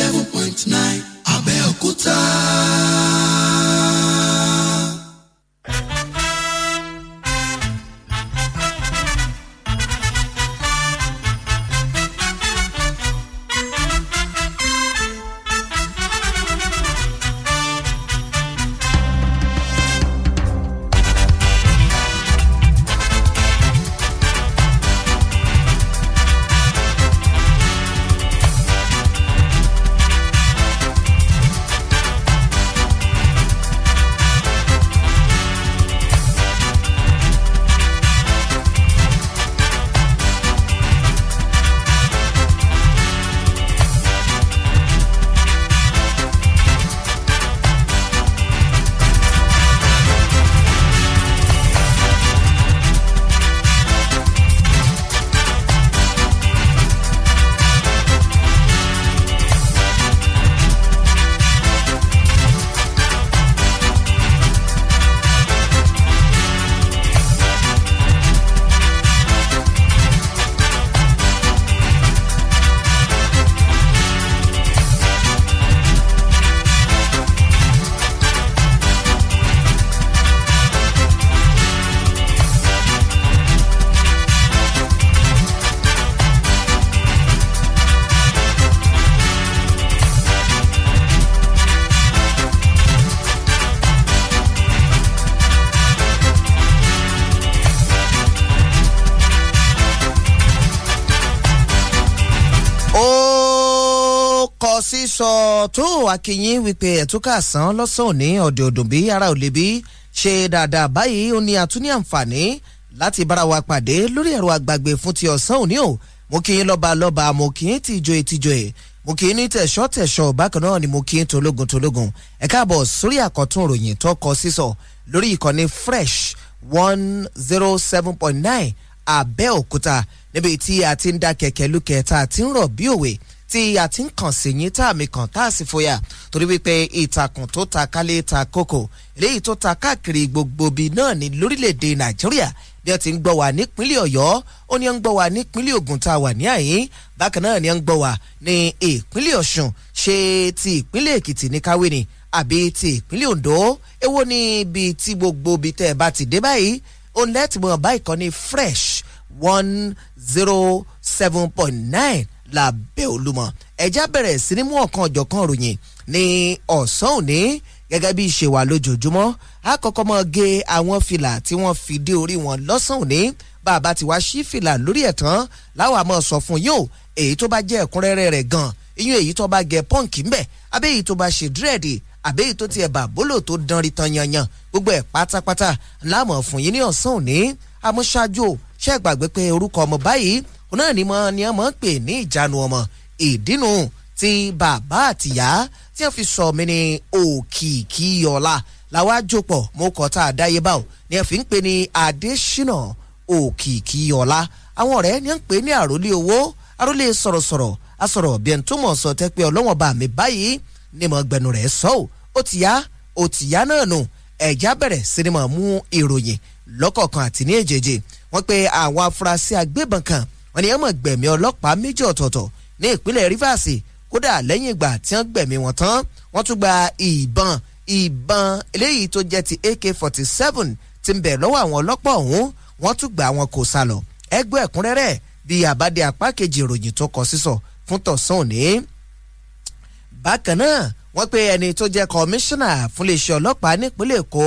seven point nine Abẹ́òkúta. tó akínyìn wípé ẹ̀túnkà sàn lọ́sàn òní ọ̀dẹ̀ ọ̀dùn bí ara ò lè bí ṣe dáadáa báyìí ó ní àtúní àǹfààní láti bára wa pàdé lórí ẹ̀rọ àgbàgbé fún ti ọ̀sán òní o mo kí yín lọ́ba lọ́ba mo kí yín tìjòyè tìjòyè mo kì í ní tẹ̀sọ́ tẹ̀sọ́ bákan náà ni mo kì í tológun tológun ẹ káàbọ̀ sórí àkọ́tún ìròyìn tó kọ sísọ lórí ìkànnì fresh one zero seven point nine Abẹ́òkúta níbi tí a ti ń da kẹ̀kẹ́ lukẹ̀ tá a ti ń rọ̀ bí òwe tí a ti ń kàn sí yín tá àmì kan tá a sì fòyà torí wípé ìtàkùn tó ta kálé ta kókò eléyìí tó ta káàkiri gbogbo ibi náà ní lórílẹ̀‐èdè nàìjíríà bí wọ́n ti ń gbọ́ wá nípínlẹ̀ ọ̀yọ́ ó ní ń gbọ́ wá nípínlẹ̀ ògùn tá a wà ní àyín bákan náà ní ń gbọ́ wá ní ìpínlẹ̀ ọ̀ṣun ṣe ti ìpínlẹ̀ èkìtì ní káwé ni àbí ti ìpínlẹ̀ ondo èwo ní ibi tí gbogbo ibi tẹ́ ẹ bá ti dé báyìí ó lẹ́tìmọ̀ báyìí kan ní fresh one zero seven point nine lábẹ́ olúmọ ẹ̀já bẹ̀rẹ̀ sí ní mú ọ̀kan ọ̀jọ̀kan ròyìn ní ọ̀sán òní gẹ́gẹ́ bí ṣe wà lójoojúmọ́ àkọ́kọ́ mọ́ ge àwọn fìlà tí wọ́n fi dé orí wọn lọ́sàn òní bàbá tiwa sí fìlà lórí ẹ̀ tán láwa mọ̀ sọ fún yóò èyí tó bá jẹ́ ẹ̀kúnrẹ́rẹ́ rẹ̀ gan iyún èyí tó bá gẹ pọ́ǹkì ńbẹ̀ abẹ́ èyí tó bá ṣe dírẹ̀dì àbẹ́ èyí tó tiẹ̀ bà tó dán tan yanyan gbogbo ẹ̀ pátápátá láàmú fún yín ní ọ̀sán òní àmúṣáájú ṣẹ́gbàgbé pé orúkọ ọmọ báyìí òun náà ni mo ni wọ́n mọ̀ ń pè ní ìjánu ọmọ ìdínú ti bàbá àtìyá tí wọ́n fi sọ mí ní òkìkí ọlá làwọn àjòpọ̀ mo kọ́ tá a dáyé báwò ni wọ́n fi ń pè ní adésínà òkìkí ọlá àwọn ọ̀rẹ́ ni wọ́n ń pè ní àròlé owó àròlé sọ̀rọ̀sọ̀rọ̀ asọ̀rọ̀ bí ẹni tó mọ̀ sọ tẹ́ pé ọlọ́wọ̀n bá mi báyìí ni mo gbẹnu rẹ̀ sọ ò ó ti yá ó ti yá náà nù ẹ̀já bẹ̀rẹ̀ sinimá mú ìròyìn lọ́kọ̀ọ̀kan àti ní èjèèjì wọ́n pe àwọn afurasí agbébọn kan wọ́n ní ẹ̀mọ̀ gbẹ̀mí ọlọ́pàá méjì ọ̀tọ̀ọ̀tọ̀ ní ìpínlẹ̀ Rivers kódà lẹ́yìn ìgbà tí wọ́n gbẹ̀mí wọn tán wọ́n tún gba ìbọn ìbọn eléyìí tó jẹ́ ti AK-47 tí ń bẹ lọ́wọ́ àwọn ọlọ́pàá ọ̀hún wọ́n tún gbà wọn kò sálọ ẹgbẹ́ ẹ̀kúnrẹ́rẹ́ bíi àbádé apá kejì ìròyìn tó kọ sísọ fún tọ̀sán òní. bákan náà wọ́n pe ẹni tó jẹ́ kọmíṣánná fúnléeṣẹ́ ọlọ́pàá nípínlẹ̀ Èkó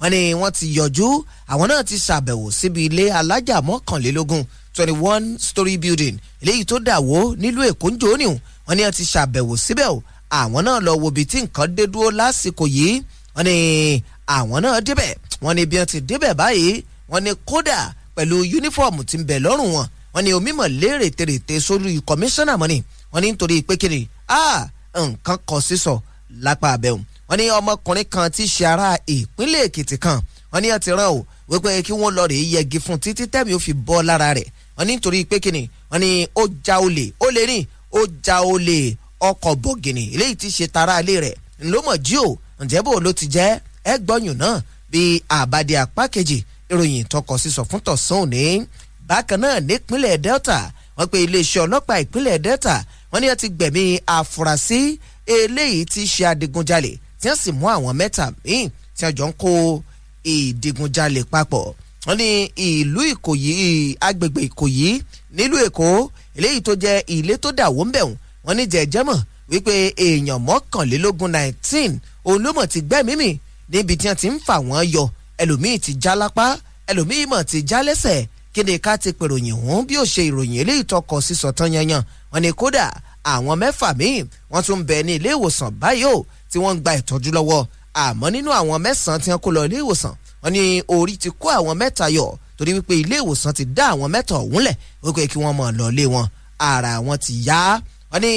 wọ́n ní wọ́n ti yọjú àwọn náà ti ṣàbẹ̀wò síbi ilé alájà mọ́kànlélógún twenty one story building eléyìí tó dà wó nílùú èkó ń jòó nìhùn wọn ni wọn ti ṣàbẹ̀wò síbẹ̀ o àwọn náà lọ wo ibi tí nǹkan dé dúró lásìkò yìí wọn ni àwọn náà débẹ̀ wọn ni bí wọn ti débẹ̀ báyìí wọn ni kódà pẹ̀lú yúnífọ̀mù ti ń bẹ̀ lọ́rùn wọn wọn ni omímọ̀ léèrè tèrètè sórí kọmíṣánná mọ́ni wọn ni nítorí pé kí ni nǹkan kọ sísọ lápá abẹ́hùn wọn ni ọmọkùnrin kan ti ṣe ara ìpínlẹ̀ èkìtì kan wọn ni wọn ti rán o wípé kí wọ́n lọ rèé yẹgi fún títí tẹ́mi ó fi bọ́ lára rẹ̀ wọn ní nítorí pé kíni wọn ní ó ja olè ó lè rìn ó ja olè ọkọ̀ bọ̀gìnì eléyìí ti ṣe tara ilé rẹ̀ ńlọmọ̀ jí o ǹjẹ́ bò ló ti jẹ́ ẹ gbọ́yùn náà bí àbádé apá kejì ìròyìn tọkọ sísọ fún tọ̀sán òní bákan náà nípínlẹ̀ delta wọ́n pe iléeṣẹ́ ọlọ́pàá ìpínlẹ̀ delta wọ́n ní wọ́n ti gbẹ̀mí àfúrásì eléyìí ti ṣe adigunjalè tí wọ́n sì mú àwọn mẹ́ta míì tí wọ́n jọ ń kó ìdigunjalè papọ̀ wọ́n ní ìlú ìkòyí agbègbè ìkòyí nílùú èkó eléyìí tó jẹ́ ilé tó dà wọ́n bẹ̀ wọ́n ní jẹjẹmọ̀ wípé èèyàn mọ́kànlélógún nineteen olómọ̀ ti gbẹ́mímì níbi tí wọ́n ti ń fà wọ́n yọ ẹlòmíì ti já lápá ẹlòmíì mọ̀ ti já lẹ́sẹ̀ kí ni ká ti pèròyìn hùn bí ó ṣe ìròyìn eléyìí tọkọ sísọ tán yanyan wọ́n ní kódà àwọn mẹ́fà míì wọ́n tún ń ní ilé ìwòsàn báyìí o tí wọ́n ń gba ìtọ́jú lọ́wọ́ àmọ́ nínú àwọn mẹ́sàn-án tí wọ́n kó lọ ilé ìwòsàn wọ́n ní orí ti kó àwọn mẹ́ta yọ torí wípé ilé ìwòsàn ti dá àwọn mẹ́ta ọ̀hún lẹ̀ wípé kí wọ́n máa lọ lé wọn ara wọn ti yá wọ́n ní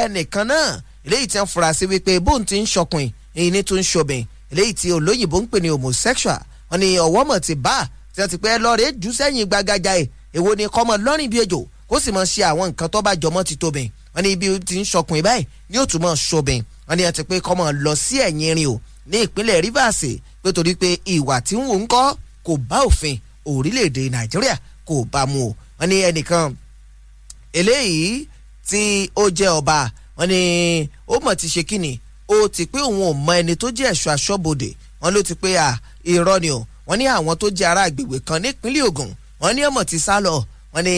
ẹnìkan náà eléyìí ti ń fura sí wípé bóun ti ń ṣọkùn ìyìn tó ń ṣobìn eléyìí ti olóyìnbó ń pè ní homosexual wọ́n ní ọ̀wọ́ mọ̀ ti bá tí wọ́n ti pẹ́ lọ́ọ̀rẹ́ jù sẹ́yìn gbagaja ẹ̀ èwo ni kọ́mọ lọ́rìn bí ejò kó sì mọ̀ ṣe àwọn nǹkan tó bá jọmọ́ ti tóbi wọ́n ní ibi tí ń ṣọkùn báyìí ni ó tún mọ̀ ṣobìn wọ́n ní ẹ ti pé kọ́mọ lọ sí ẹ̀yìn irin o ní ìpínlẹ̀ Rivers pé torí pé ìwà tí ń wò ń kọ́ kò bá òfin orílẹ̀-èdè Nàìjíríà kò bá mu o wọ́n ní ẹnìkan eléyìí tí ó jẹ́ ọba wọ́n ní ó mọ̀ ti ṣe kíni ó ti pé òun ò mọ ẹni tó jẹ́ ẹ̀ṣọ́ aṣọ́bodè wọ́n ló ti pé à irọ́ ni o wọ́n ní àwọn tó jẹ́ ará agbègbè kan nípínlẹ̀ Ògùn wọ́n ní ọmọ ti sá lọ wọ́n ní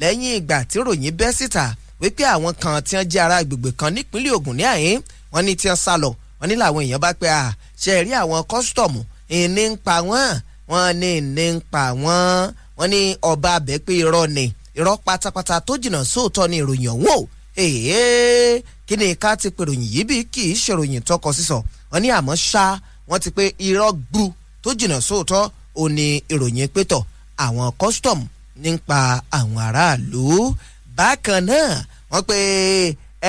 lẹ́yìn ìgbà tí ròyìn bẹ́ síta wípé àwọn kan tí wọ́n jẹ́ ará agbègbè kan nípínlẹ̀ Ògùn ní àyín wọ́n ní tí wọ́n sá lọ wọ́n ní làwọn èèyàn bá pé à ṣe rí àwọn kọ́sítọ̀mù ìní ń pa wọ́n wọ́n ní ìní ń pa wọ́n wọ́n ní ọba abẹ́ pé irọ́ ni irọ́ pátápátá tó jìnnà sóòótọ́ ni ìròyìn ọ̀hún o èèyàn kí ni ká ti pè ròyìn yìí bí kì í ṣe ròyìn tọkọ sísọ wọ́n ní àmọ́ ṣá wọ́n ti pé irọ́ gbu tó jìnnà sóòótọ́ ò ní ìròyìn pétọ̀ àwọn kọ́sítọ̀mù nípa àwọn aráàlú bákan náà wọ́n pé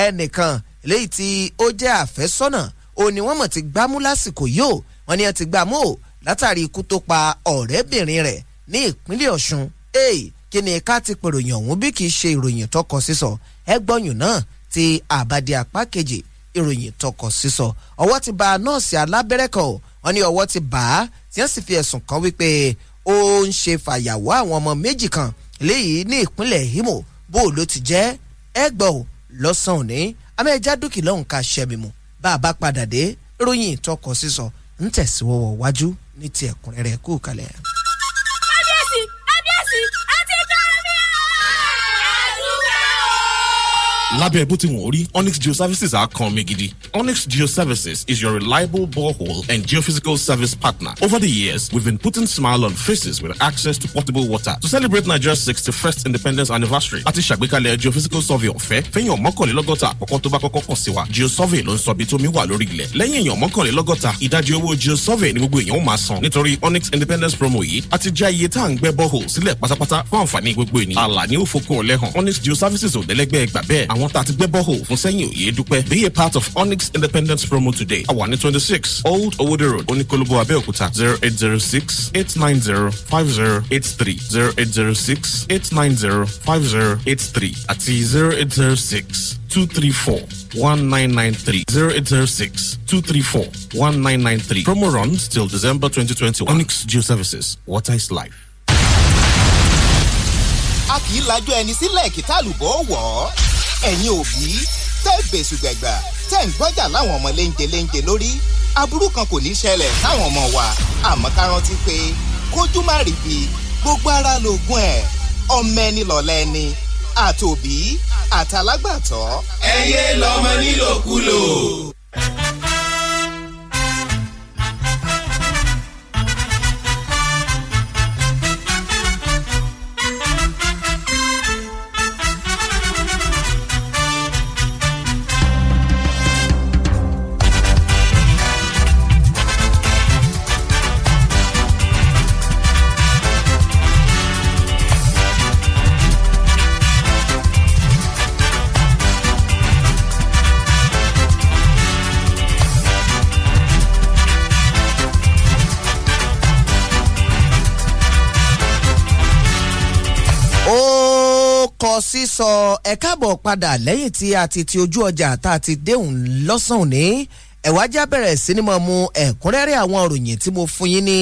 ẹnìkan léyìí tí ó jẹ́ àfẹ́sọ́nà ó ní wọ́n mọ̀ ti gbámú lásìkò yìí o wọ́n ní wọ́n ti gbámú o látàrí ikú tó pa ọ̀rẹ́bìnrin rẹ̀ ní ìpínlẹ̀ Ọ̀ṣun ee kí ni ká ti pèròyìn ọ̀hún bí kì í ṣe ìròyìn tọkọ sísọ ẹgbọ́nyùn náà ti àbàdì apá kejì ìròyìn tọkọ sísọ ọwọ́ ti bà nọ́ọ̀sì alábẹ́rẹ́ kan o wọ́n ní ọwọ́ ti bà á tí wọ́n sì fi ẹ̀sùn kan wípé ó ń ṣe fàyàwó àwọn ọmọ méjì kan léyìí ní ìpínlẹ̀ Imo bó ló ti jẹ́ ẹgbọ́n lọ́sàn-án ní amẹ́já lọ́hùn ká ṣẹ́mi mu bá a bá padà dé ròyìn ìtọkọ sísọ ń tẹ̀síwọ́wọ́ wájú ní ti kú kalẹ̀. lábẹ́ bó ti wọ̀n rí onyx geoservices á kan mi gidi onyx geoservices is your reliable borehole and geophysical service partner over the years we've been putting smile on faces with access to portable water to celebrate nigeria's sixty-first independence anniversary àti ṣàgbékalẹ̀ geophysical survey ọ̀fẹ́ fẹ́yìn ọ̀mọ́kànlélọ́gọ́ta àkọ́kọ́ tó bá kọ́kọ́ kàn sí wa geosurvey ló ń sọ ibi tómi wà lórí ilẹ̀ lẹ́yìn èèyàn mọ́kànlélọ́gọ́ta ìdajì owó geosurvey ni gbogbo èèyàn ó máa san nítorí onyx independence promo yìí àti já iye tá à ń gbẹ́ borehole sílẹ̀ pátápátá fún àǹfààní gbogbo ènìyàn àlà ni ó fokun ọ̀lẹ́hàn onyx geoservices ò dẹ́lẹ́gbẹ́ gbà bẹ́ẹ̀ àwọn àwọn tá a ti gbẹ́ bọ́hò fún sẹ́yìn òye dúpẹ́. be a part of onyx independence promo today àwa ní twenty six old owode road oníkólóbó abẹ́òkúta zero eight zero six eight nine zero five zero eight three zero eight zero six eight nine zero five zero eight three àti zero eight zero six. two three four 1993 0806 234 1993 Promo runs till December 2021. Onyx Geoservices. What is life. A kì í lajọ ẹni sílẹ̀ kí tálùbọ̀ wọ̀ ọ́ ẹ̀yin òbí tẹ́ ìbẹ̀sùgbẹ̀gbà tẹ́ ń gbọ́jà láwọn ọmọ léńjẹ léńjẹ lórí aburú kan kò ní ṣẹlẹ̀ táwọn ọmọ wa àmọ́ ká rántí pé kójú má rí bi gbogbo ara lóògùn ẹ̀ ọmọ ẹni lọ̀lẹ́ ẹni àtòbí àtàlágbàtọ́. ẹ lọmọ nílòkulò. ọ̀rọ̀ sísọ ẹ káàbọ̀ padà lẹ́yìn tí a ti ti ojú ọjà tá a ti déhùn lọ́sàn òní ẹ̀wá já bẹ̀rẹ̀ sí ni mo mu ẹ̀kúnrẹ́rẹ́ àwọn òròyìn tí mo fún yín ní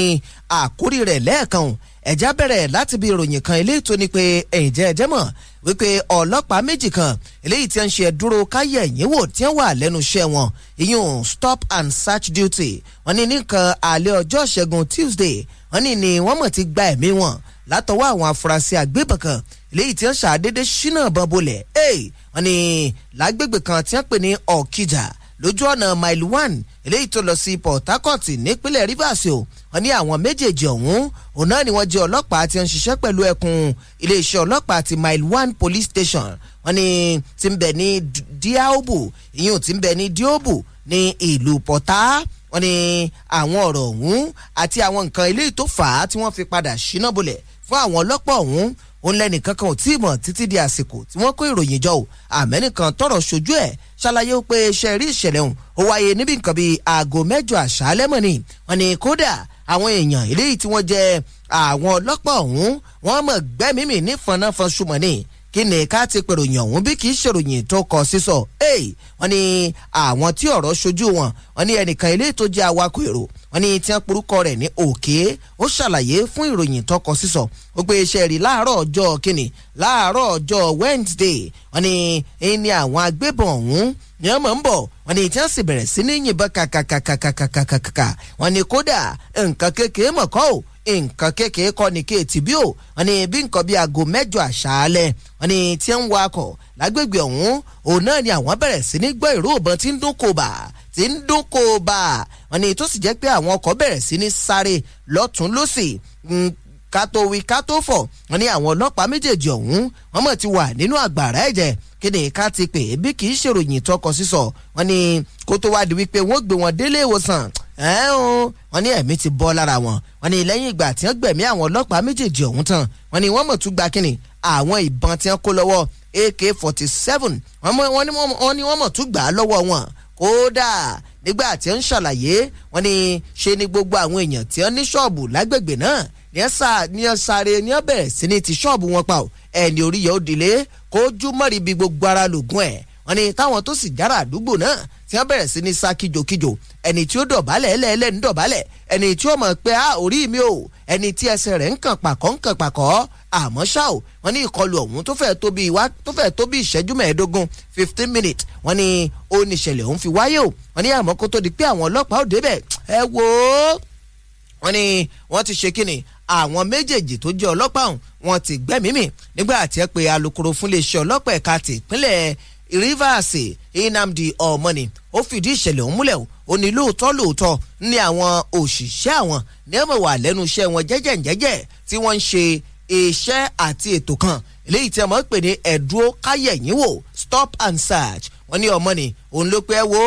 àkórí rẹ̀ lẹ́ẹ̀kan ẹ̀já bẹ̀rẹ̀ láti bí ìròyìn kan eléyìí tó ní pé ẹ̀jẹ̀ ẹ̀jẹ̀ mọ̀ wípé ọlọ́pàá méjì kan eléyìí tí ń ṣe dúró káyẹ̀ yín wò tí wọ́n wà lẹ́nu iṣẹ́ wọn ìyún stop and search duty wọ́n ní nìkan alẹ́ ọjọ́ ṣẹ́gun Tuesday wọ́n ní ni wọ́n mọ̀ ti gba ẹ̀mí wọn látọwọ́ àwọn afurasí àgbébọn kan léyìí tí wọ́n ṣàdédé ṣínà bọ́n bolẹ̀ wọ́n ní lágbègbè kan tí wọ́n pè ní ọ̀kìjà lójú ọ̀nà mile one eléyìí tó lọ sí port harcourt nípínlẹ̀ rivers o wọ́n ní àwọn méjèèjì ọ̀hún òun náà ni wọ́n jẹ́ ọlọ́pàá tí ń ṣiṣẹ́ pẹ̀lú ẹkùn iléeṣẹ́ ọlọ́pàá ti mile one police station wọ́n ní ti ń bẹ̀ ní diaobu ìyún ti ń bẹ̀ ní diobu ní ìlú port harcourt wọ́n ní àwọn ọ̀rọ̀ ọ̀hún àti àwọn nǹkan eléyìí tó fà á tí wọ́n fi padà ṣínà bolẹ̀ fún àwọn ọlọ́pàá ọ̀hún òun lẹ́nìkan kan ò tí ì mọ̀ títí di àsìkò tí wọ́n kó ìròyìn jọ ò àmẹ́nìkan tọrọ ṣojú ẹ̀ ṣàlàyé pé iṣẹ́ rí ìṣẹ̀lẹ̀ ọ̀hún ó wáyé níbi nǹkan bíi aago mẹ́jọ àṣálẹ́ mọ̀ ni wọ́n ní kódà àwọn èèyàn eléyìí tí wọ́n jẹ́ àwọn ọlọ́pàá ọ̀hún wọ́n mọ̀ gbẹ́mímì ní fọnáfọ́nṣu ni kí ni ká ti pèròyìn ọ̀hún bí kì í ṣèròyìn tó kọ sísọ wọ́n ní àwọn tí ọ̀rọ̀ ṣojú wọn wọ́n ní ẹnìkan ilé tó jẹ́ awakọ̀ èrò wọ́n ní tí wọ́n porúkọ rẹ̀ ní òkè ó ṣàlàyé fún ìròyìn tó kọ sísọ ó pé iṣẹ́ rí láàárọ̀ ọjọ́ kìnnì láàárọ̀ ọjọ́ Wednesday wọ́n ní ẹni àwọn agbébọn ọ̀hún ni wọ́n mọ̀ ń bọ̀ wọ́n ní tí wọ́n sì bẹ̀rẹ̀ sí ní yìnbọn kàkàkàkàkàkàkàkà wọ́n ní kódà nǹkan kékeré mọ̀kọ́ nǹkan kékeré kọ́ ni kéètì bí ò wọ́n ní bí nǹkan bíi aago mẹ́jọ àṣálẹ́ wọ́n ní tí ń wakọ̀ lágbègbè ọ̀hún òun náà ni àwọn bẹ̀rẹ̀ sí ní gbọ́ ìró ìbọn tí ń dún kò bá tí ń dún kò bá wọ́n ní tó sì jẹ́ pé àwọn ọkọ̀ bẹ̀rẹ̀ sí ní sáré lọ́tún lọ́sì hmm, ká tó wí ká tó fọ̀ wọ́n ní àwọn ọlọ́pàá méjèèjì ọ̀hún wọ́n mọ̀ ti wà nínú àgbàrá ẹ̀jẹ̀ kéde ká ti pè é bí kì í ṣèròyìn tọkọ sísọ wọ́n ní kó tó wá di wípé wọ́n gbé wọn délé ìwòsàn wọ́n ní ẹ̀mí ti bọ́ lára wọn wọ́n ní lẹ́yìn ìgbà tí wọ́n gbẹ̀mí àwọn ọlọ́pàá méjèèjì ọ̀hún tán wọ́n ní wọ́n mọ̀ tún gba kínní àwọn ìbọn tí wọ́n kó lọ́wọ́ ak forty seven wọ́n ní wọ́n mọ̀ tún gbà á lọ́wọ́ wọn kódà nígbà tí wọ́n ń ṣàlàyé wọ́n ní ṣe ni gbogbo àwọn èèyàn tí wọ́n ní ṣọ́ọ̀bù lágbègbè náà ní ẹ sáré ní ọ bẹ̀rẹ̀ sí ní ti ṣọ́ọ̀bù wọn pa ẹni orí yẹ ó dilé kójú mọ́rìbí gbogbo ara lògùn ẹ̀ wọ́n ní táwọn tó sì jára àdúgbò náà tí wọ́n bẹ̀rẹ̀ sí ní sá kíjokíjo ẹni tí ó dọ̀bálẹ̀ ẹlẹ́ẹ̀lẹ́ ń dọ̀bálẹ̀ ẹni tí ó mọ̀ pé a orí mi o ẹni tí ẹsẹ̀ rẹ̀ ń kàn pàkọ́ ń kàn pàkọ́ àmọ́ ṣá o wọ́n ní ìkọlù ọ̀hún tó fẹ́ẹ́ tóbi ìwá tó fẹ́ẹ́ tóbi ìṣẹ́jú mẹ́ẹ̀ẹ́dógún fifteen minutes wọ́n ní ó ní ìṣẹ̀lẹ̀ ọ̀hún fi wáyé o wọ́n ní àmọ́ kó tó di pé àwọn ọlọ́pàá ò débẹ̀ ẹ wò ó wọ́n ní wọ́n ti ṣe kíni àwọn méjèèjì tó jẹ́ ọlọ́pàá ọ̀hún wọ́n ti gbẹ́mìí mì nígbà tí ẹ pé alukoro fún ọlọ́pàá ẹ̀ka tìpínlẹ̀ Rivers nnamdi ọmọnì ó fìdí ìṣẹ̀lẹ̀ ọ̀hún múlẹ̀ ó ní lóòótọ́ lóòótọ́ ní àwọn òṣìṣẹ́ àwọn ní ọmọ wà lẹ́nu iṣẹ́ wọn jẹ́jẹ̀jẹ́jẹ́ tí wọ́n ń ṣe iṣẹ́ àti ètò kan eléyìí tí a máa ń pè ní ẹ̀dúró káyẹ̀yìn wò stop and search wọ́n ní ọmọnì òun ló pẹ́ wo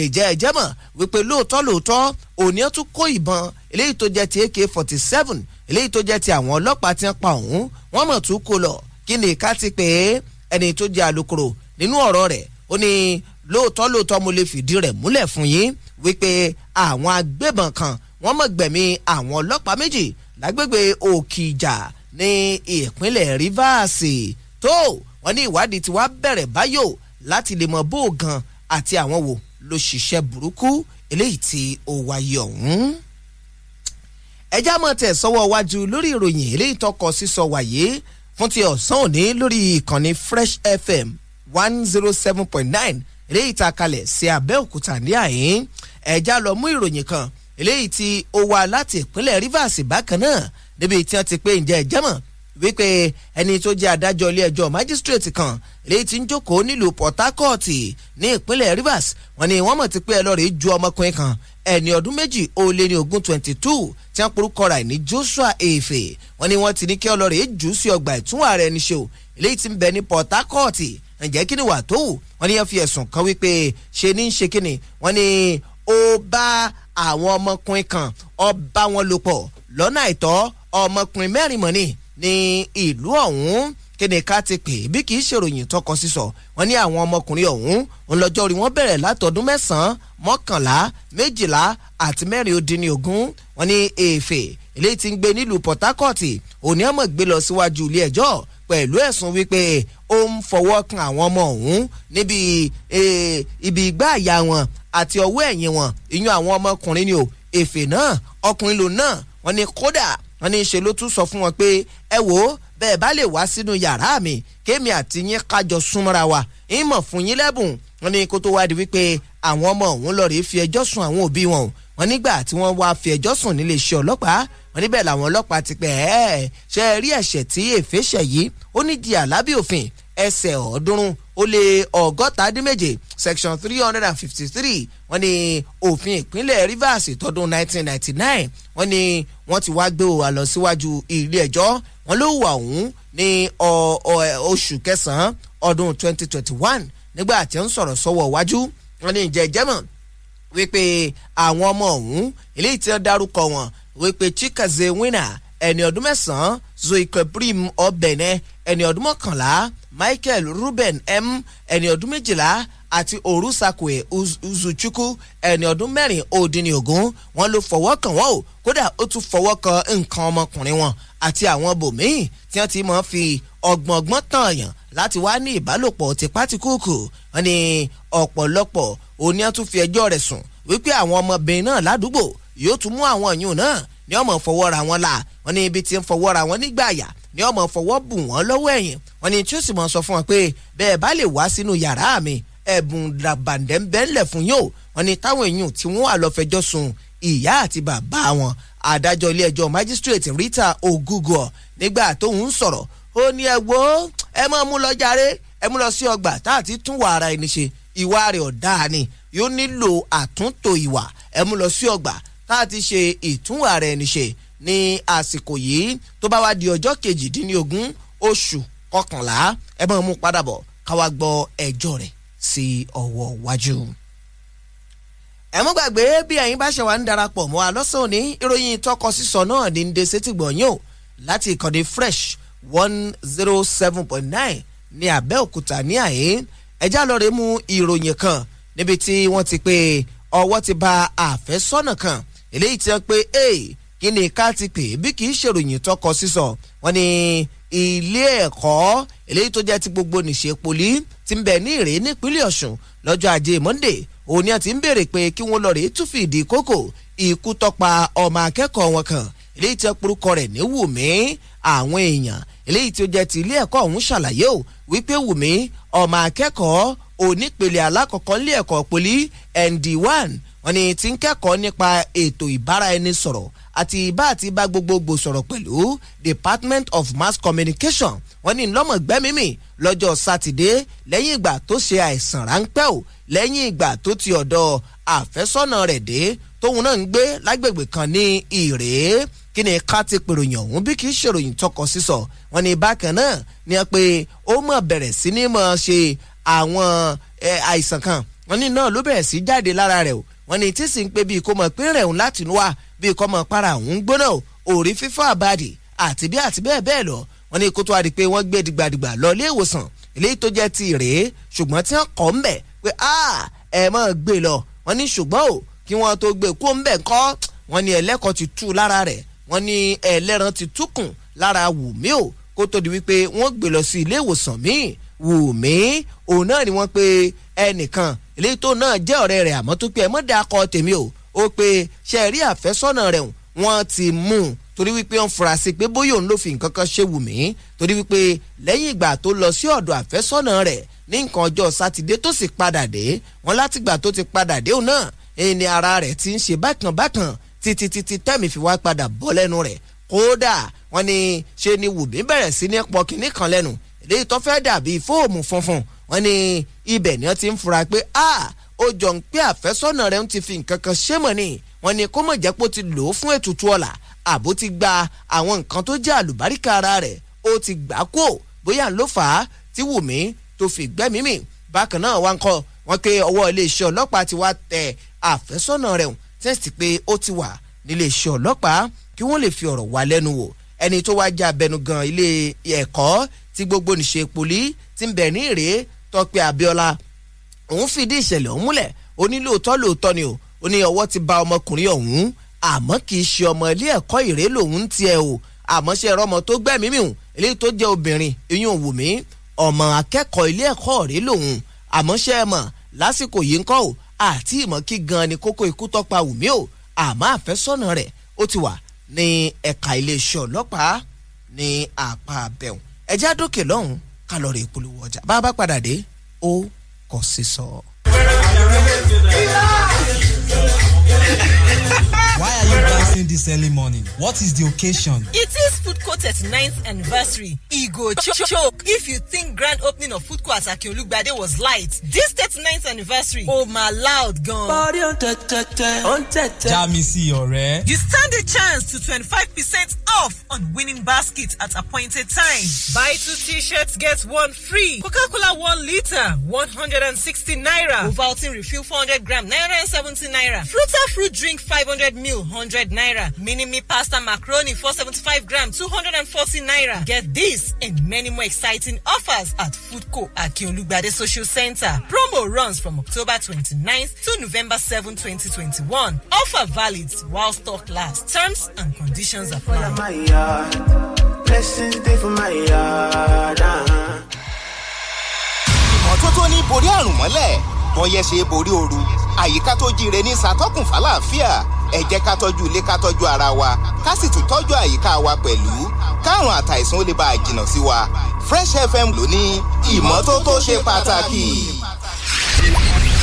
èjẹ́ ẹ̀jẹ́ mọ̀ wípé lóòótọ́ lóòótọ́ òní ó tún kó ìbọn eléyìí tó jẹ́ ti ak forty seven eléyìí tó jẹ́ ti àwọn ọlọ́pàá ti ń pa òun wọ́n mọ̀ tún kó lọ kí ni ká ti pè é ẹni tó jẹ́ alukoro nínú ọ̀rọ̀ rẹ̀ ó ní lóòótọ́ lóòótọ́ mo lè fìdí rẹ̀ múlẹ̀ fún yín wípé àwọn agbébọn kan wọ́n mọ̀ gbẹ̀mí àwọn ọlọ́pàá méjì lágbègbè òkìjà ní ìpínlẹ̀ Rivers tó wọ́n ní ìwádìí tí wàá bẹ̀rẹ̀ báyò láti lè mọ bóògan àti àwọn wo ló ṣiṣẹ́ burúkú eléyìí tí ó wáyé ọ̀hún ẹjá mọ̀ tẹ̀ sọ́wọ́ wájú lórí ìròyìn eléyìí tọkọ sísọ wàyé fún ti ọ̀sán òní lórí ìkànnì Fresh FM one zero oh seven point nine eléyìí ta kalẹ̀ sí abẹ́òkúta ní àyín ẹ̀já lọ mú ìròyìn kan eléyìí tí ó wá láti ìpínlẹ̀ rivers bákan náà níbi tí wọ́n ti pé ǹjẹ́ ẹ̀jẹ̀ mọ̀ wípé ẹni tó jẹ́ adájọ́ ilé ẹjọ́ májísírèètì kan eléyìí tí ń jókòó nílùú port harcourt ní ìpínlẹ̀ rivers wọ́n ní wọ́n mọ̀ ti pé ẹlọ́rìí ju ọmọkùnrin kan ẹni ọdún méjì ó lé ní ogún twenty two tí wọ́n porúkọ rà ní joshua efe wọ́n ní wọ́n ti ní kí ọlọ́rìí jù ú sí ọgbà ìtúwọ̀ ààrẹ níṣẹ́ o eléyìí tí ń bẹ ní port harcourt ǹjẹ́ kí ni wà tó wù wọ́n ní yẹn fi ẹ̀sùn kan wípé ṣe ní ṣe kí ni wọ́n ní ó bá àwọn ọmọkùnrin kan ó bá wọn lò pọ̀ lọ́nà àìtọ́ ọmọkùnrin mẹ́rin mọ̀ ni ní ìlú ọ̀hún kéde ká ti pè bí kì í ṣèròyìn tọkọ sísọ wọn ní àwọn ọmọkùnrin ọ̀hún ńlọjọ́ rí wọn bẹ̀rẹ̀ látọdún mẹ́sàn-án mọ́kànlá méjìlá àti mẹ́rin ó dín ní wọn ní èèfè eléyìí ti ń gbé nílùú Port Harcourt òní ọmọ gbé lọ síwájú ilé ẹjọ́ pẹ̀lú ẹ̀sùn wípé ó ń fọwọ́ kan àwọn ọmọ ọ̀hún níbi e, ibi ìgbà àyà wọn àti ọwọ́ ẹ̀yìn wọn ìyún àwọn ọmọkùnrin ni o èfè náà ọkùnrin lò náà wọ́n ní kódà wọ́n ní ṣe ló tún sọ fún wọn pé ẹ wò ó bẹ́ẹ̀ bá lè wá sínú yàrá mi kémi àti yín kájọ súnmọ́ra wa ìmọ̀ fún yín lẹ́bùn wọ́n ní kó tó wá di wípé àwọn ọmọ ọ̀hún lọ rèé fi ẹjọ́ sùn àwọn òbí wọn o wọ́n nígbà tí wọ́n wá fi ẹjọ́ sùn nílé iṣẹ́ ọlọ́pàá wọ́n níbẹ̀ làwọn ọlọ́pàá ti pẹ́ ẹ́ ṣe é rí ẹ̀ṣẹ̀ tí èfé yìí ó ní di àlábì òfin ẹsẹ̀ ọ̀ọ́dúnrún ó lé ọgọ́ta dín méje section three hundred and fifty three wọ́n ní òfin ìpínlẹ̀ Rivers tọdún nineteen ninety nine wọ́n ní wọ́n ti wá gbé wa lọ síwájú ilé ẹjọ́ wọ́n ló wà òun ní oṣù kẹsàn-án ọdún twenty twenty one nígbà tí ń sọ̀rọ̀ sọ́wọ́ iwájú wọ́n ní ìjẹ́jẹ́mọ̀ wípé àwọn ọmọ ọ̀hún eléyìí tí wọ́n wọn wípé chikaze winner ẹni ọdún mẹ́sàn-án zoikeprim ọbẹ̀nẹ ẹni ọdún mọ́kànlá michael ruben m ẹni ọdún méjìlá àti orusakwe uzuchukwu ẹni ọdún mẹ́rin òdìní ogun wọn ló fọwọ́ kàn wọ́n o kódà ó tún fọwọ́ kan nǹkan ọmọkùnrin wọn àti àwọn bòmíì tí wọ́n ti mọ̀ fi ọgbọ̀n ọgbọ́n tàn yàn láti wá ní ìbálòpọ̀ tipátikúùkù wọn ni ọ̀pọ̀lọpọ̀ òní wọn ẹjọ́ rẹ̀ sùn wípé àwọn ọmọbìnrin náà ládùúgbò yóò tún mú àwọn èèyàn náà ní ọmọ fọwọ́ra wọn la wọn ní ibi tí ń fọwọ́ra wọn nígbà yà ní ọmọ fọwọ́ bù wọ́n lọ́wọ́ ẹ̀yìn wọn ní tí ó sì mọ̀ sọ fún wọn pé bẹ́ẹ̀ bá lè wá sínú yàrá mi ẹ̀bùn dàbàǹdẹ̀ ń bẹ́ńlẹ̀ fún yóò wọn ní táwọn èèyàn tí wọ́n wà lọ fẹjọ́ ìyá àti bàbá wọn adájọ́ ilé ẹjọ́ magistrate Rita Ogugo nígbà tóun ń sọ̀rọ̀ ó ní ẹ wo ẹ mọ̀ mú lọ jàre ẹ mú lọ sí ọgbà tá àti tún wà ara ẹni ṣe ìwà rẹ̀ ọ̀daràn yóò nílò àtúntò ìwà ẹ mú lọ sí ọgbà tá a ti ṣe ìtún ààrẹ ẹni ṣe ní àsìkò yìí tó bá wá di ọjọ́ kejìdínlógún oṣù kọkànlá ẹ bá mú padà bọ̀ káwa gbọ́ ẹjọ́ rẹ̀ sí ọwọ́ wájú. ẹ mú gbàgbé bí ẹ̀yin bá ṣe wà ń darapọ̀ mọ́ alọ́sàn òní ìròyìn tọkọ sísọ náà ní ndé sétí gbọ̀nyìn o láti ìkànnì fresh one zero seven point nine ní Abẹ́òkúta ní àyè ẹjá lọ rẹ mú ìròyìn kan níbi tí wọ́n ti pé ọwọ́ ti bà àfẹ́sọ́nà kan eléyìí ti hàn pé ee kí ni ká ti pè bí kì í ṣèròyìn tọkọ sísọ wọn ni ilé ẹ̀kọ́ eléyìí tó jẹ́ ti gbogbo nìṣe poli ti ń bẹ̀ ní ìrèé nípínlẹ̀ ọ̀ṣun lọ́jọ́ ajé monday òní àti ń béèrè pé kí wọ́n lọ rèé tún fìdí kókò ikú tọpa ọmọ akẹ́kọ̀ọ́ wọn kan eléyìí tí ọ̀pọ̀lọpọ̀ rẹ̀ ní wùmí àwọn èèyàn eléyìí tí ó jẹ́ ti ilé ẹ̀kọ́ ọ̀hún ṣàlàyé o wípé wùmí ọmọ akẹ́kọ̀ọ́ onípele alákọ̀ọ́kọ́ ilé ẹ̀kọ́ poli nd one wọ́n ní tí ń kẹ́kọ̀ọ́ nípa ètò ìbáraẹnisọ̀rọ̀ àti ìbá àti ìbá gbogbogbò sọ̀rọ̀ pẹ̀lú Department of Mass Communication wọ́n ní ńlọ́mọ̀gbẹ́mímì lọ́jọ́ sátidé lẹ́yìn ìgbà tó ṣe àìsàn ráńpẹ́ ò lẹ́yìn ìgbà tó ti ọ̀dọ̀ àfẹ́sọ́nà rẹ̀ dé tóun náà ń gbé lágbègbè kan ní ìrèé kí ni ká ti pèròyìn ọ̀hún bí kì í ṣèròyìn tọkọ sísọ wọ́n ní bákan náà ni pé ó mọ̀ bẹ̀rẹ̀ sí ní mọ̀ ṣe àwọn àìsàn kan wọ́n ní náà ló bẹ̀rẹ̀ sí jáde lára rẹ̀ o wọ́n ní tí sì ń pé bíi kó mọ̀ pé rẹ̀ ń wá bíi kọ́ mọ̀ para òun gbóná òrí fífọ́ àbàdì àti bí àti bẹ́ẹ̀ bẹ́ẹ̀ lọ wọ́n ní kó tó adi pé wọ́n gbé dìgbàdìgbà lọ ilé ìwòsàn eléyìí tó jẹ́ ti rèé ṣùgbọ́n tí wọ́n kọ́ ń bẹ̀ pé ah, ẹ mọ̀ gbé lọ wọ́n ní ṣùgbọ́n o kí wọ́n tó gbé kó ń bẹ̀ kọ́ wọ́n ní ẹlẹ́kọ̀ọ́ ti tú lára rẹ̀ wọ́n ní ẹlẹ́ran ti túkùn lára Wùmí o kó tó di wípé wọ́n gbé lọ sí ilé ìwòsàn míì Wùmí òun náà ni wọ́n pe ẹnìkan eléyìí tó náà jẹ́ ọ̀rẹ́ rẹ̀ àmọ́ tó pé ẹ mọ́ da akọ tèmi o ó pé ṣe rí àfẹ́sọ́nà rẹ̀ wọ́n ti mú un torí wípé wọ́n fura sí pé bóyá òun ló fi nǹkan kan ṣe wù mí torí wípé lẹ́yìn ìgbà tó lọ sí ọ̀dọ̀ àfẹ́sọ́nà rẹ̀ ní nǹkan ọjọ́ sátidé tó sì padà dé wọn látìgbà tó ti padà dé òun náà ẹni ara rẹ̀ ti ń ṣe bákan bákan títí títí tẹ́mi fi wá padà bọ́ lẹ́nu rẹ̀ kódà wọn ni ṣe ni wùmí bẹ̀rẹ̀ sí ní pọkìnní kan lẹ́nu èyí tó fẹ́ dàbí fóòmù funfun wọ́n ní ibẹ̀ ni wọ́n ti ń fura pé a ah, ó jọ ń pé àfẹ́sọ́nà rẹ̀ ń ti fi nǹkan kan ṣé mọ̀ ni wọ́n ní kó mọ̀ jẹ́ pé ó ti lò ó fún ètùtù ọ̀la àbó ti gba àwọn nǹkan tó jẹ́ àlùbáríkà ara rẹ̀ ó ti gbà kó bóyá ló fà á tí Wùmí tó fi gbẹ́mí mì bákan náà wá ń kọ́ wọ́n pé ọwọ́ iléeṣẹ́ ọlọ́pàá ti wá tẹ àfẹ́sọ́nà rẹ̀ tẹ́sítì pé ó ti wà níléeṣẹ́ ọlọ́pàá kí wọ́n lè fi ọ̀rọ̀ wá lẹ́nu wò ẹni tó wá jẹ́ abẹnugan ilé ẹ̀kọ́ tí gbogbo nìṣe poli ti ń bẹ̀ ní ìrèé tọ́pẹ́ abiola, òun fìdí ìṣẹ̀lẹ̀ ọ̀hún múlẹ̀ ó ní lóòótọ́ lóòótọ́ ni o ó ní ọwọ́ ti ba ọmọkùnrin ọ̀hún àmọ́ kì í ṣe ọmọ ilé ẹ̀kọ́ ìré lòun ń o àmọ́ ṣe ẹ̀rọ ọmọ tó gbẹ̀mí mìíràn eléyìí tó jẹ́ obìnrin ìyún òwò mí ọmọ akẹ́kọ̀ọ́ ilé ẹ̀kọ́ ìré lòun àmọ́ ṣe ẹ̀ mọ̀ lásìkò yìí ń kọ́ o àti ìmọ̀ kí gan ni kókó ikú tọ́pa wùmí o àmọ́ àfẹ́sọ́nà rẹ̀ ó ti wà ní ẹ̀ka iléeṣẹ́ ọlọ́pàá ní àpá abẹ́hùn ẹ̀já dókè lọ́hùn ká lọ ọjà bá a bá padà dé ó kọ Why are you dancing this early morning? What is the occasion? It is 39th anniversary, e go choke. If you think grand opening of food court at Akiolugbade was light, this 39th anniversary, oh my loud gun. Jamisi ọ̀rẹ́. You stand a chance to 25% off on winning baskets at appointed time. Buy two t-shirts, get one free. Coca-Cola 1 litre, 160 naira. Ovaltine refill 400 gram, 970 naira. Fruta fruit drink 500 mil, 100 naira. Mini me pasta macaroni 475 gram, 200 140 naira. Get this and many more exciting offers at Foodco Akiolugbade Social Center. Promo runs from October 29th to November 7, 2021. Offer valid while stock lasts. Terms and conditions apply. Blessings uh-huh. ní borí àrùn mọ́lẹ̀, bọ́yẹ ṣe borí ooru, àyíká tó jíire ní ṣàtọ́kùn fàlàáfíà, ẹ jẹ́ ká tọ́jú ilé ká tọ́jú ara wa, ká sì tún tọ́jú àyíká wa pẹ̀lú káàrùn àtàìsàn ó lè bá a sí wa Fresh FM ló ní ìmọ́tótó ṣe pàtàkì.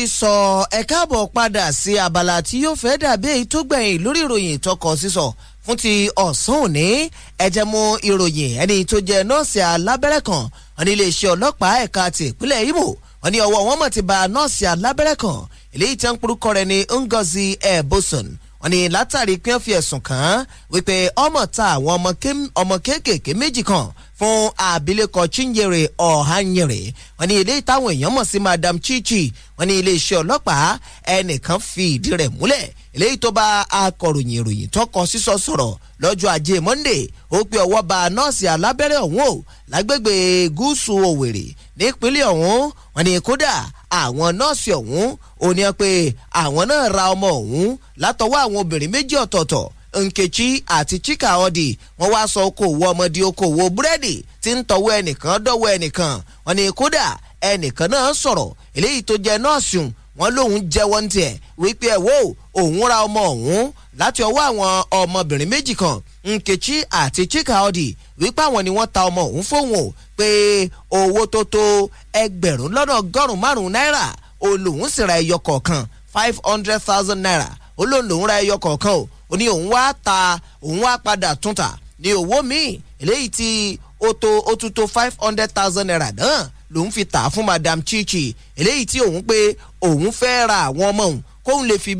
ti sọ ẹ káàbọ̀ padà sí abala tí yóò fẹ́ dàbí èyí tó gbẹ̀yìn lórí ìròyìn ìtọkọ sísọ fún ti ọ̀sán òní ẹ̀jẹ̀ mu ìròyìn ẹni tó jẹ́ nọ́ọ̀sì alábẹ́rẹ́ kan ní iléeṣẹ́ ọlọ́pàá ẹ̀ka ti ìpínlẹ̀ Imo wọ́n ní ọwọ́ wọn mọ̀ ti bà nọ́ọ̀sì alábẹ́rẹ́ kan eléyìí tí ń porúkọ rẹ̀ ní Ngozi Eboson wọ́n ní látàrí pé wọ́n fi ẹ̀sùn kàn án wípé ọmọ ta àwọn ọmọ kéékèèké méjì kan fún abilékọ chinyere ọ̀hányèrè wọn ní ilé táwọn èèyàn mọ̀ sí madam chichi wọn ní iléeṣẹ́ ọlọ́pàá ẹnìkan fi ìdí rẹ̀ múlẹ̀ eléyìí tó bá akọ̀ròyìn ìròyìn tọkọ sísọ sọ̀rọ̀ lọ́jọ́ ajé monday ó pe ọwọ́ ba nọ́ọ̀sì alábẹ́rẹ́ ọ̀hún o lágbègbè gúúsù òwèrè nípínlẹ̀ ọ̀hún wọn ní kódà àwọn nọ́ọ̀sì ọ̀hún ò ní ẹ pé àwọn náà ra ọmọ ọ̀hún látọwọ́ àwọn obìnrin méjì ọ̀tọ̀ọ̀tọ̀ nkechi àti chika odi wọ́n wá sọ okòwò ọmọ di okòwò búrẹ́dì tí ń tọwọ́ ẹnìkan dọ́wọ́ ẹnìkan wọ́n ní kódà ẹnìkan náà sọ̀rọ̀ eléyìí tó jẹ́ nọ́ọ̀sì wọ́n lòun jẹ́wọ́ ń tiẹ̀ wípé ẹ̀ wò òun ra ọmọ òun láti ọwọ́ àwọn ọmọbìnrin méjì kan nkechi àti chika odi wípé àwọn ni wọ́n ta ọmọ òun fóun o pé owó tó tó ẹgbẹ̀rún lọ́nà ọgọ́rùn-ún márùn náírà olóhùn sì ra ẹyọ kọ̀ọ̀kan five hundred thousand naira olóhùn lòún ra ẹyọ kọ̀ọ̀kan o ó ní òun wá ta òun wá padà tún ta ní owó míì eléyìí tí ó tó five hundred thousand naira náà lòun fi tà fún madam chichi eléyìí tí òun pé òun fẹ́ ra àwọn ọmọ òun kóun lè fi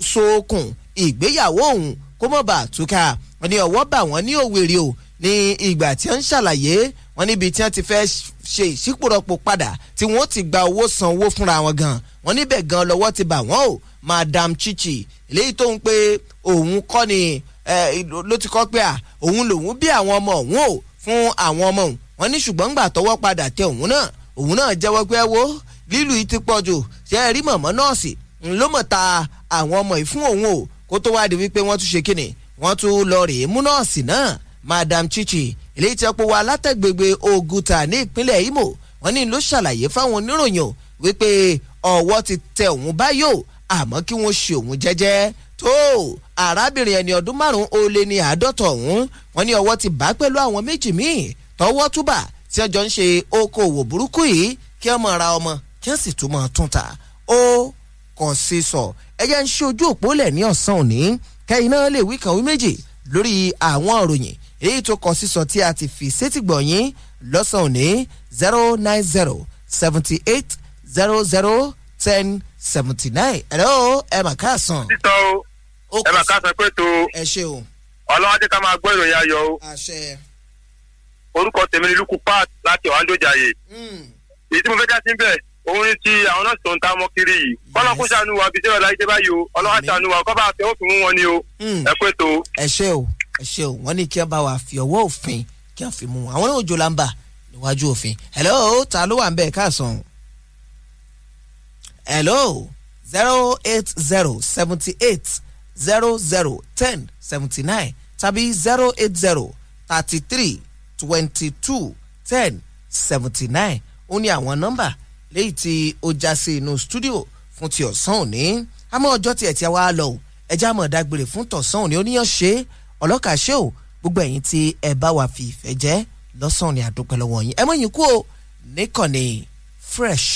sokùn ìgbéyàwó òun kó mọ̀ bá túká wọ́n ní ọwọ́ bà wọ́n ní òwèrè o ní ìgbà tí ó ń ṣàlàyé wọ́n níbi tí wọ́n ti fẹ́ ṣe ìṣípòrọ̀pọ̀ padà tí wọ́n ti gba owó san owó fúnra wọn gan wọ́n níbẹ̀ gan lọ́wọ́ ti bà wọ́n o madam chichi eléyìí tó ń pe òun kọ́ ni ló ti kọ́ pé à òun lòun bí àwọn ọmọ òun o fún àwọn ọmọ òun wọ́n ní ṣùgbọ́n gbà tọwọ́ padà tẹ òun náà òun náà jẹ́wọ́ pé wo lílù yìí ti pọ̀ jù ṣe é rí mọ̀mọ́ nọ́ọ̀sì ló mọ̀ ta àwọn ọmọ yìí fún òun o kó tó wá di wípé wọ́n tún ṣe kíni wọ́n tún lọ rèé mú nọ́ọ̀sì náà madam chichi eléyìí tí ọ̀pọ̀ wa látàgbègbè Ògùtà ní ìpínlẹ̀ Imo wọ́n ní ló ṣàlàyé fáwọn oníròyìn wípé ọwọ́ ti tẹ òun báyò àmọ́ kí wọ́n ṣe òun jẹ́jẹ́ tó arábìnrin ẹni ọdún márùn-ún ó lé ní àádọ́ta ọ̀hún wọ́n ní ọwọ́ ti bá pẹ̀lú àwọn méjì míì tọwọ́ túbà tí ọjọ́ ń ṣe okòwò burúkú yìí kí ọmọ ra ọmọ kí wọ́n sì tún tún ta ó kò sí sọ ẹ̀yà ń ṣe ojú òpó lẹ̀ ní ọ̀sán òní kẹ́yìn náà lè wí kan méjì lórí àwọn òròyìn èyí tó kọ sísọ tí a ti fi sétìgbọ̀ yín lọ́sàn-án òní zero nine zero seventy eight zero zero ten seventy nine ẹ̀rọ ẹ̀ mà káàsán. títọ́ o ẹ̀ mà káàsán pé tó o ọlọ́wọ́n ti ká máa gbọ́ ìròyìn ayọ̀ o orúkọ tèmi ni lukú pat láti ọ̀hánjọ́jàyè hmm. èyí mo fẹ́ já sí bẹ́ẹ̀ òun ni ti àwọn nọ́ọ̀sì tó ń ta ọmọ kiri yìí kọ́lọ́ kó ṣàánú wa bíi sẹ́wọ̀n láyé dé báyìí o ọlọ́wọ́n ṣàánú wa kọ́ bá fẹ́ òfin mú wọn ni o hmm. ẹ pé tó. ẹ ṣe o ẹ ṣe o wọ́n ní kí wọ́n bá wa fi ọwọ́ òfin kí wọ́n fi mú àwọn náà òjò làǹbà níwájú òfin hello ta ló wà ń bẹ̀ káàsán hello zero eight zero seventy eight zero zero ten seventy nine tàbí zero eight zero thirty three twenty two ten seventy nine ó ní àwọn nọ́mbà léyìí tí ó já sí inú stúdíò fún ti ọ̀sán òní àmọ́ ọjọ́ tiẹ̀ tí a wá lọ ẹ̀já mọ̀ dágbére fún tọ̀sán òní ó ọlọ́kà ṣé o gbogbo ẹ̀yin tí ẹ bá wa fi ìfẹ́ jẹ́ lọ́sàn-án ni àdúpẹ́ lọ́wọ́ ẹ mọ̀ kú o nìkànnì fresh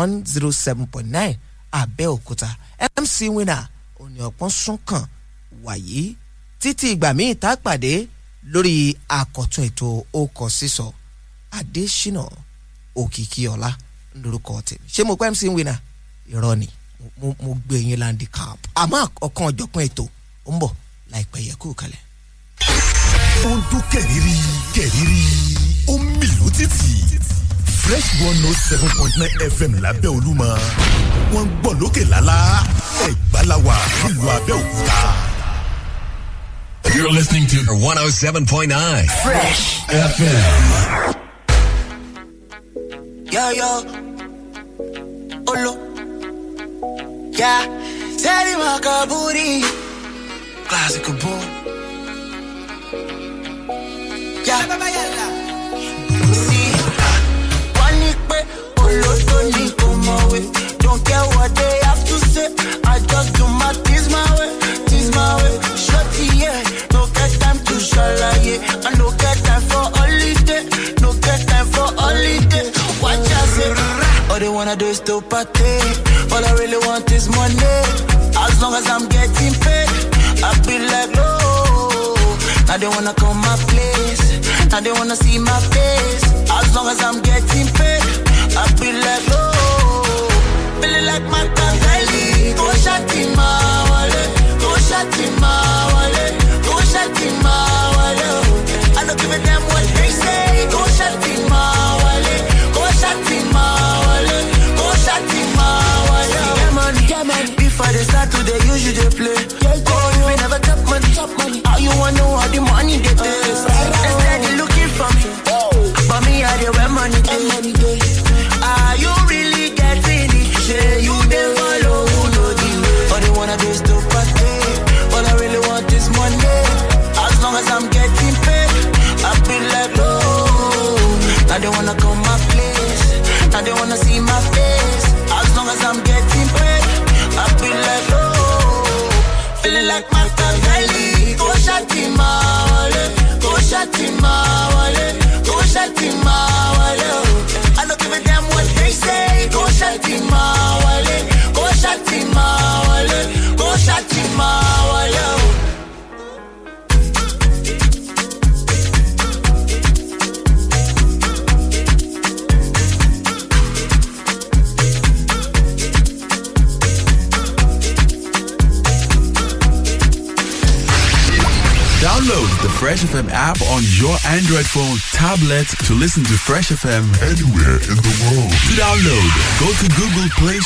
one zero oh seven point nine Abẹ́òkúta MC winner òní ọ̀pọ̀n súnkàn wàyí títí ìgbà míì tá a pàdé lórí àkọ́tún ètò ọkọ̀ sísọ Adésínà Òkìkíọlá lórúkọ tèmi ṣé mo pẹ́ MC winner irọ́ ni mo gbé yín landicap àmọ́ ọ̀kan ọ̀jọ̀kan ètò ń bọ̀ láìpẹ́ yẹ kú kalẹ̀. ó ń dún kẹ̀rìírí kẹ̀rìírí ó ń mì lótìtì fresh one note oh seven point nine fm lábẹ́ olúmọ wọ́n ń gbọ́ ẹ̀gbálawa nílùú abẹ́òkúta. You're listening to 107.9 Fresh FM. Yo, Olo. Ya. Yeah. Seri makaburi. Classic boy. See, wọ́n ní pé olódò mọ̀wé. Don't care what they have to say. I just do my things my way, things my way. Shorty, yeah. No get time to ṣàlàyé. I no get time for holiday. No get time for holiday. Watch out, say. All they wanna do is party. All I really want is money. As long as I'm getting paid, I be like, oh don't wanna come my place. I don't wanna see my face. As long as I'm getting paid, I'll be like, oh. Feeling like my Tangali. Go shut in my wale. Go shut in my wale. Go shut in my wale. I don't give a damn what they say. Go shut in my wale. Go shut in my wale. Go shut in my wale. Yeah, man, yeah, man. Before they start to, they usually play. Yeah, yeah, oh, you never top money, top money you wanna know how the money they taste. FM app on your Android phone, tablet to listen to Fresh FM anywhere in the world. To download, go to Google Play